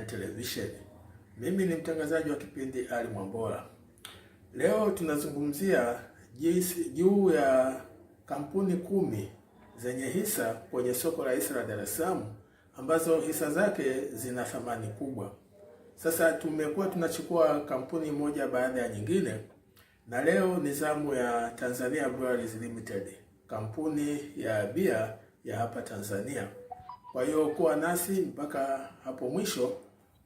Television. Mimi ni mtangazaji wa kipindi Ali Mwambola. Leo tunazungumzia jinsi juu ya kampuni kumi zenye hisa kwenye soko la hisa la Dar es Salaam ambazo hisa zake zina thamani kubwa. Sasa tumekuwa tunachukua kampuni moja baada ya nyingine, na leo ni zamu ya Tanzania Breweries Limited, kampuni ya bia ya hapa Tanzania. Kwa hiyo kuwa nasi mpaka hapo mwisho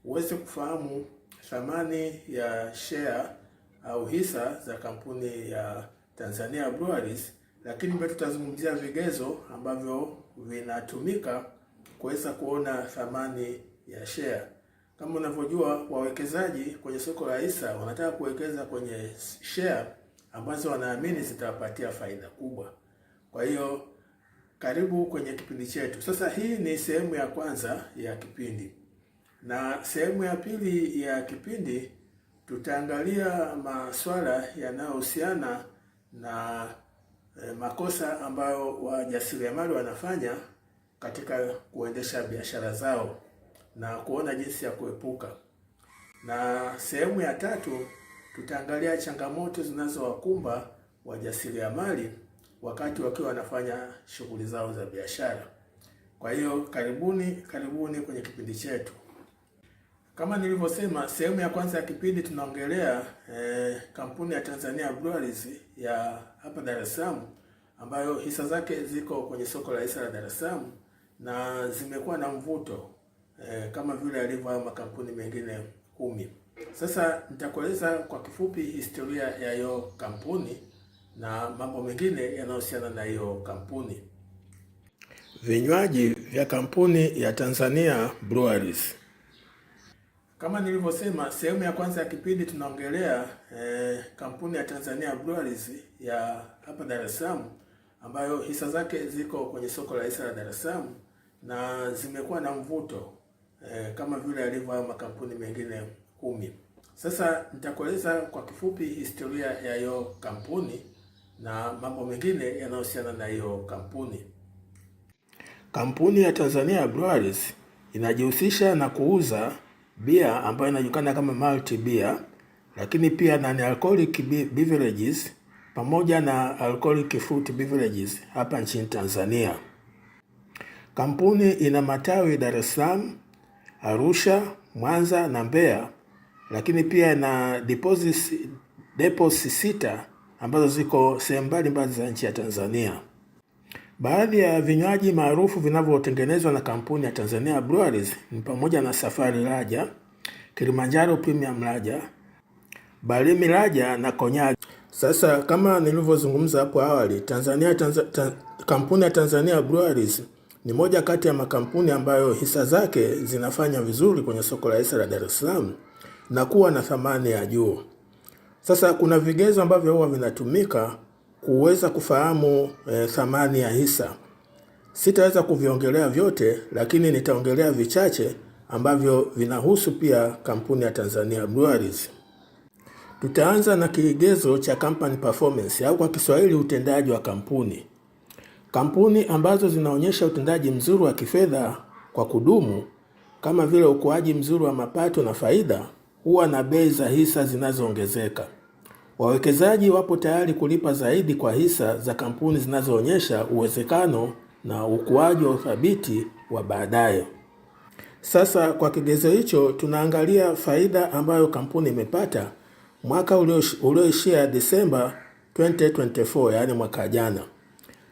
uweze kufahamu thamani ya share au hisa za kampuni ya Tanzania Breweries, lakini pia tutazungumzia vigezo ambavyo vinatumika kuweza kuona thamani ya share. Kama unavyojua, wawekezaji kwenye soko la hisa wanataka kuwekeza kwenye share ambazo wanaamini zitawapatia faida kubwa. Kwa hiyo karibu kwenye kipindi chetu. Sasa hii ni sehemu ya kwanza ya kipindi. Na sehemu ya pili ya kipindi tutaangalia masuala yanayohusiana na e, makosa ambayo wajasiriamali wanafanya katika kuendesha biashara zao na kuona jinsi ya kuepuka. Na sehemu ya tatu tutaangalia changamoto zinazowakumba wajasiriamali wakati wakiwa wanafanya shughuli zao za biashara. Kwa hiyo karibuni, karibuni kwenye kipindi chetu. Kama nilivyosema sehemu ya kwanza ya kipindi tunaongelea eh, kampuni ya Tanzania Breweries ya hapa Dar es Salaam ambayo hisa zake ziko kwenye soko la hisa la Dar es Salaam na zimekuwa na mvuto eh, kama vile yalivyo hayo makampuni mengine kumi. Sasa nitakueleza kwa kifupi historia ya hiyo kampuni na mambo mengine yanayohusiana na hiyo kampuni. Vinywaji vya kampuni ya Tanzania Breweries kama nilivyosema sehemu ya kwanza ya kipindi tunaongelea eh, kampuni ya Tanzania Breweries ya hapa Dar es Salaam ambayo hisa zake ziko kwenye soko la hisa la Dar es Salaam na zimekuwa na mvuto eh, kama vile yalivyo hayo makampuni mengine kumi. Sasa nitakueleza kwa kifupi historia ya hiyo kampuni na mambo mengine yanayohusiana na hiyo kampuni. Kampuni ya Tanzania Breweries inajihusisha na kuuza bia ambayo inajulikana kama malt bia, lakini pia non alcoholic beverages pamoja na alcoholic fruit beverages hapa nchini Tanzania. Kampuni ina matawi Dar es Salaam, Arusha, Mwanza na Mbeya, lakini pia na deposits sita ambazo ziko sehemu mbalimbali za nchi ya Tanzania. Baadhi ya vinywaji maarufu vinavyotengenezwa na kampuni ya Tanzania Breweries ni pamoja na Safari raja Kilimanjaro Premium Raja, Barimi raja na Konyagi. Sasa kama nilivyozungumza hapo awali, Tanzania Tanza, ta, kampuni ya Tanzania Breweries ni moja kati ya makampuni ambayo hisa zake zinafanya vizuri kwenye soko la hisa la Dar es Salaam na kuwa na thamani ya juu. Sasa kuna vigezo ambavyo huwa vinatumika kuweza kufahamu e, thamani ya hisa. Sitaweza kuviongelea vyote, lakini nitaongelea vichache ambavyo vinahusu pia kampuni ya Tanzania Breweries. Tutaanza na kigezo cha company performance au kwa Kiswahili utendaji wa kampuni. Kampuni ambazo zinaonyesha utendaji mzuri wa kifedha kwa kudumu kama vile ukuaji mzuri wa mapato na faida huwa na bei za hisa zinazoongezeka. Wawekezaji wapo tayari kulipa zaidi kwa hisa za kampuni zinazoonyesha uwezekano na ukuaji wa uthabiti wa baadaye. Sasa kwa kigezo hicho tunaangalia faida ambayo kampuni imepata mwaka ulioishia Desemba 2024, yaani mwaka jana.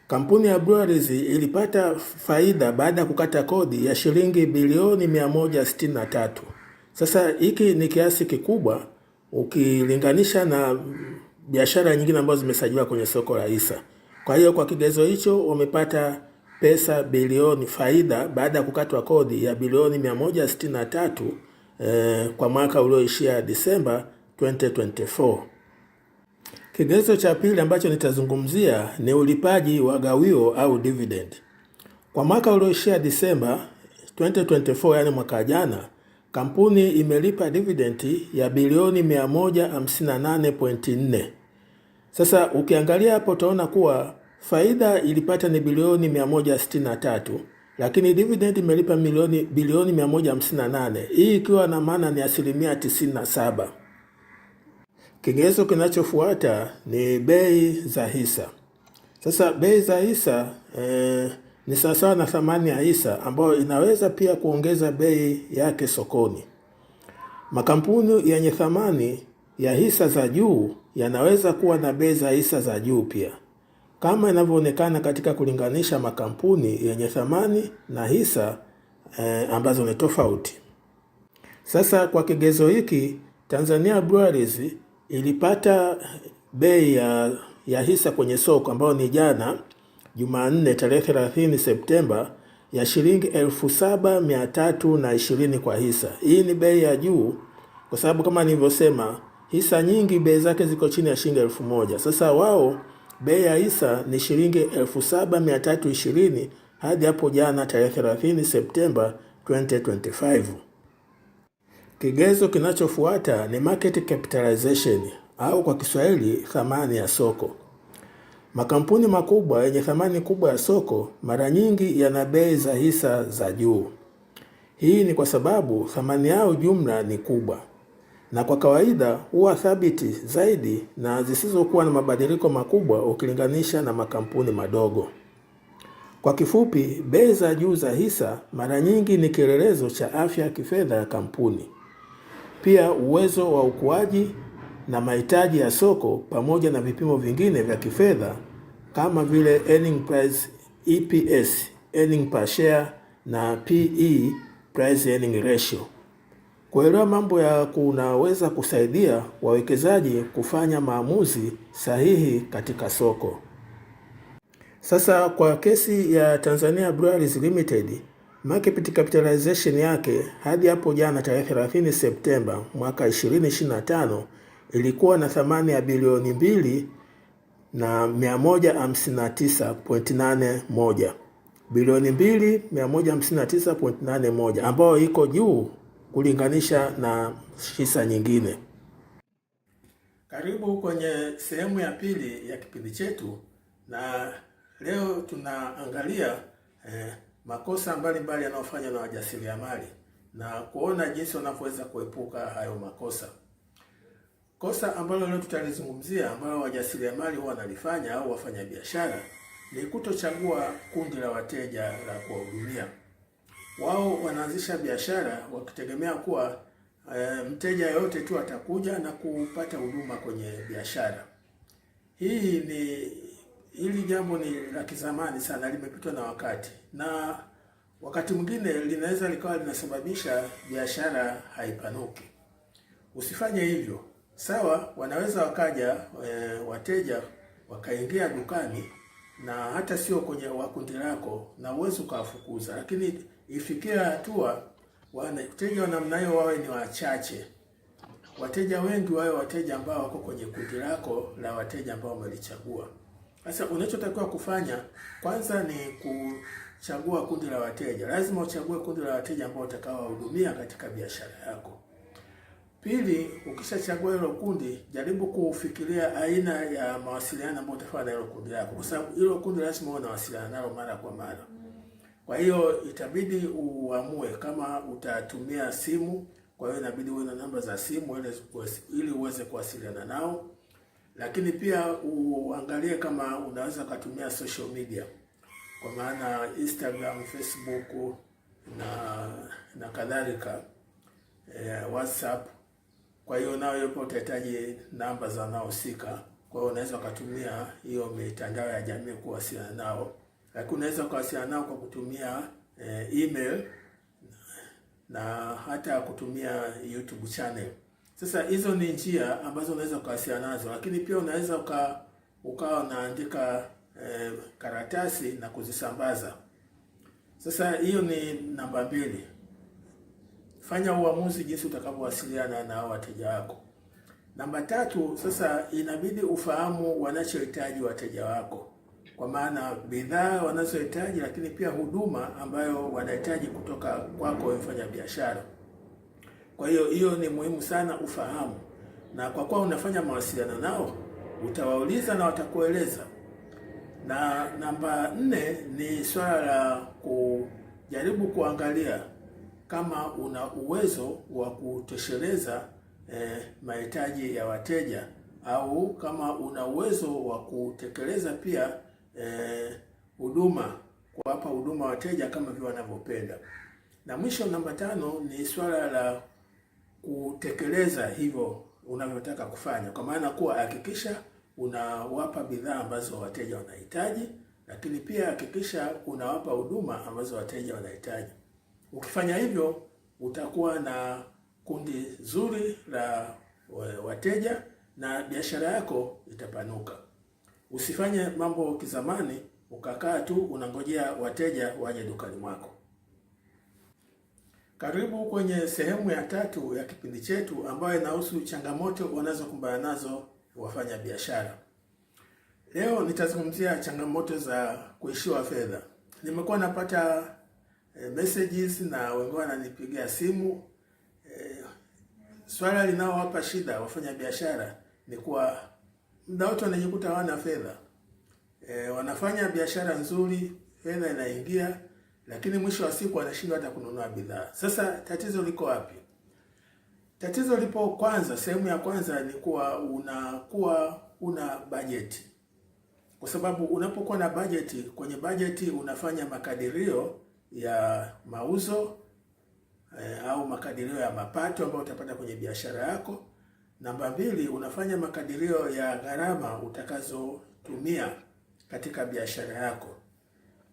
Kampuni ya Breweries ilipata faida baada ya kukata kodi ya shilingi bilioni 163. Sasa hiki ni kiasi kikubwa ukilinganisha na biashara nyingine ambazo zimesajiliwa kwenye soko la hisa. Kwa hiyo kwa kigezo hicho wamepata pesa bilioni faida baada ya kukatwa kodi ya bilioni 163 eh, kwa mwaka ulioishia Disemba 2024. Kigezo cha pili ambacho nitazungumzia ni ulipaji wa gawio au dividend. Kwa mwaka ulioishia Disemba 2024, yani mwaka jana, Kampuni imelipa dividendi ya bilioni 158.4. Sasa ukiangalia hapo utaona kuwa faida ilipata ni bilioni 163, lakini dividendi imelipa milioni bilioni 158, hii ikiwa na maana ni asilimia 97. Kigezo kinachofuata ni bei za hisa. Sasa bei za hisa eh, ni sawasawa na thamani ya hisa ambayo inaweza pia kuongeza bei yake sokoni. Makampuni yenye thamani ya hisa za juu yanaweza kuwa na bei za hisa za juu pia, kama inavyoonekana katika kulinganisha makampuni yenye thamani na hisa eh, ambazo ni tofauti. Sasa kwa kigezo hiki Tanzania Breweries ilipata bei ya, ya hisa kwenye soko ambayo ni jana Jumanne tarehe 30 Septemba ya shilingi 7320 kwa hisa. Hii ni bei ya juu kwa sababu kama nilivyosema, hisa nyingi bei zake ziko chini ya shilingi elfu moja. Sasa wao bei ya hisa ni shilingi 7320 hadi hapo jana tarehe 30 Septemba 2025. Kigezo kinachofuata ni market capitalization au kwa Kiswahili thamani ya soko. Makampuni makubwa yenye thamani kubwa ya soko mara nyingi yana bei za hisa za juu. Hii ni kwa sababu thamani yao jumla ni kubwa na kwa kawaida huwa thabiti zaidi na zisizokuwa na mabadiliko makubwa ukilinganisha na makampuni madogo. Kwa kifupi, bei za juu za hisa mara nyingi ni kielelezo cha afya ya kifedha ya kampuni, pia uwezo wa ukuaji na mahitaji ya soko pamoja na vipimo vingine vya kifedha kama vile earning price EPS, earning per share na PE, price earning ratio. Kuelewa mambo ya kunaweza kusaidia wawekezaji kufanya maamuzi sahihi katika soko. Sasa kwa kesi ya Tanzania Breweries Limited, market capitalization yake hadi hapo jana tarehe 30 Septemba mwaka 2025 ilikuwa na thamani ya bilioni mbili na 159.81 bilioni 2,159.81 ambayo iko juu kulinganisha na hisa nyingine. Karibu kwenye sehemu ya pili ya kipindi chetu, na leo tunaangalia eh, makosa mbalimbali yanayofanywa na wajasiriamali na kuona jinsi wanavyoweza kuepuka hayo makosa. Kosa ambalo leo tutalizungumzia ambayo wajasiriamali huwa wanalifanya au wafanyabiashara ni kutochagua kundi la wateja la kuwahudumia. Wao wanaanzisha biashara wakitegemea kuwa e, mteja yoyote tu atakuja na kupata huduma kwenye biashara hii. Ni hili jambo ni la kizamani sana, limepitwa na wakati, na wakati mwingine linaweza likawa linasababisha biashara haipanuki. Usifanye hivyo. Sawa, wanaweza wakaja e, wateja wakaingia dukani na hata sio kwenye wakundi lako, na uwezi ukawafukuza, lakini ifikia hatua wateja wa namna hiyo wawe ni wachache. Wateja wengi wawe wateja ambao wako kwenye kundi lako la wateja ambao wamelichagua. Sasa unachotakiwa kufanya kwanza ni kuchagua kundi la wateja. Lazima uchague kundi la wateja ambao utakaowahudumia katika biashara yako. Pili, ukishachagua hilo kundi, jaribu kufikiria aina ya mawasiliano ambayo utafanya na hilo kundi lako, kwa sababu hilo kundi lazima uwe unawasiliana nalo mara kwa mara. Kwa hiyo itabidi uamue kama utatumia simu. Kwa hiyo inabidi uwe na namba za simu ili uweze kuwasiliana nao, lakini pia uangalie kama unaweza ukatumia social media, kwa maana Instagram, Facebook na na kadhalika, eh, WhatsApp kwa hiyo nao yupo utahitaji namba za wanaohusika. Kwa hiyo unaweza ukatumia hiyo mitandao ya jamii kuwasiliana nao, lakini unaweza kuwasiliana nao kwa kutumia e, email na hata kutumia YouTube channel. Sasa hizo ni njia ambazo unaweza ukawasiliana nazo, lakini pia unaweza uka, ukawa unaandika e, karatasi na kuzisambaza. Sasa hiyo ni namba mbili fanya uamuzi jinsi utakavyowasiliana na wateja wako. Namba tatu, sasa inabidi ufahamu wanachohitaji wateja wako, kwa maana bidhaa wanazohitaji, lakini pia huduma ambayo wanahitaji kutoka kwako mfanya biashara. Kwa hiyo hiyo ni muhimu sana ufahamu, na kwa kuwa unafanya mawasiliano nao utawauliza na watakueleza. Na namba nne ni swala la kujaribu kuangalia kama una uwezo wa kutosheleza eh, mahitaji ya wateja au kama una uwezo wa kutekeleza pia eh, huduma eh, kuwapa huduma wateja kama vile wanavyopenda. Na mwisho namba tano ni swala la kutekeleza hivyo unavyotaka kufanya, kwa maana kuwa hakikisha unawapa bidhaa ambazo wateja wanahitaji, lakini pia hakikisha unawapa huduma ambazo wateja wanahitaji. Ukifanya hivyo utakuwa na kundi zuri la wateja na biashara yako itapanuka. Usifanye mambo kizamani, ukakaa tu unangojea wateja waje dukani mwako. Karibu kwenye sehemu ya tatu ya kipindi chetu ambayo inahusu changamoto wanazokumbana nazo wafanya biashara. Leo nitazungumzia changamoto za kuishiwa fedha. Nimekuwa napata e, messages na wengine wananipigia simu e, swala linaowapa shida wafanya biashara ni kuwa muda wote wanajikuta hawana fedha e, wanafanya biashara nzuri, fedha inaingia, lakini mwisho wa siku wanashindwa hata kununua bidhaa. Sasa tatizo liko wapi? Tatizo lipo kwanza, sehemu ya kwanza ni kuwa unakuwa una bajeti, kwa sababu unapokuwa na bajeti, kwenye bajeti unafanya makadirio ya mauzo eh, au makadirio ya mapato ambayo utapata kwenye biashara yako. Namba mbili, unafanya makadirio ya gharama utakazotumia katika biashara yako,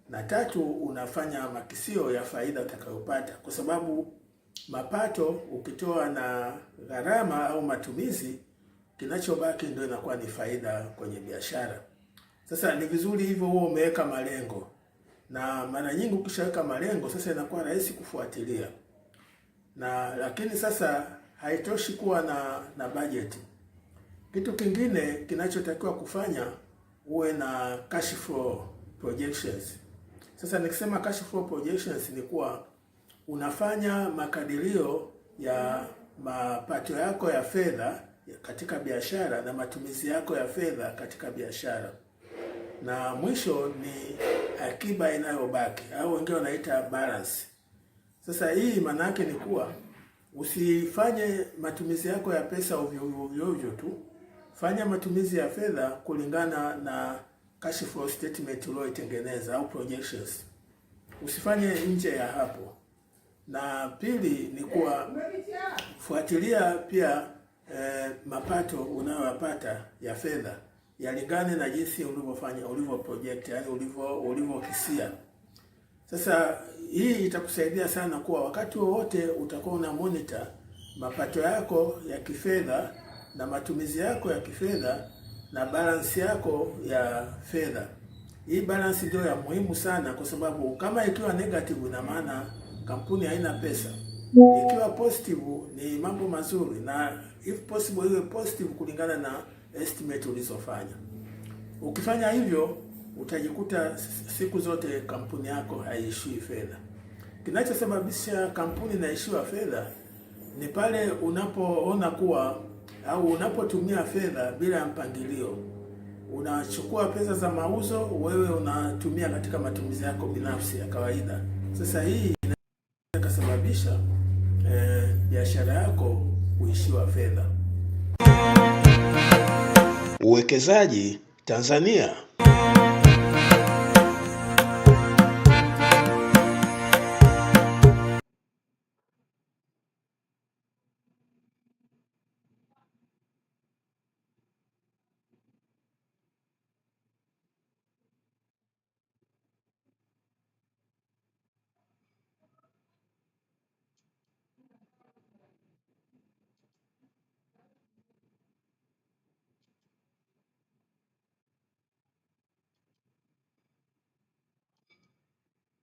na tatu, unafanya makisio ya faida utakayopata, kwa sababu mapato ukitoa na gharama au matumizi, kinachobaki ndio inakuwa ni faida kwenye biashara. Sasa ni vizuri hivyo, huo umeweka malengo na mara nyingi ukishaweka malengo sasa inakuwa rahisi kufuatilia na lakini sasa haitoshi kuwa na na bajeti. Kitu kingine kinachotakiwa kufanya uwe na cash flow projections. Sasa nikisema cash flow projections ni kuwa unafanya makadirio ya mapato yako ya fedha katika biashara na matumizi yako ya fedha katika biashara na mwisho ni eh, akiba inayobaki au wengine wanaita balance. Sasa hii maana yake ni kuwa usifanye matumizi yako ya pesa ovyo ovyo ovyo tu, fanya matumizi ya fedha kulingana na cash flow statement ulioitengeneza au projections, usifanye nje ya hapo. Na pili ni kuwa fuatilia pia eh, mapato unayoyapata ya fedha yalingane na jinsi ulivyofanya ulivyo project, yani ulivyo ulivyokisia. Sasa hii itakusaidia sana kuwa wakati wowote utakuwa una monitor mapato yako ya kifedha na matumizi yako ya kifedha na balance yako ya fedha. Hii balance ndio ya muhimu sana, kwa sababu kama ikiwa negative, ina maana kampuni haina pesa. Ikiwa positive, ni mambo mazuri, na if possible iwe positive kulingana na estimate ulizofanya. Ukifanya hivyo utajikuta siku zote kampuni yako haiishii fedha. Kinachosababisha kampuni inaishiwa fedha ni pale unapoona kuwa au unapotumia fedha bila mpangilio. Unachukua pesa za mauzo, wewe unatumia katika matumizi yako binafsi ya kawaida. Sasa hii inaweza kusababisha eh, biashara eh, yako kuishiwa fedha. Uwekezaji Tanzania.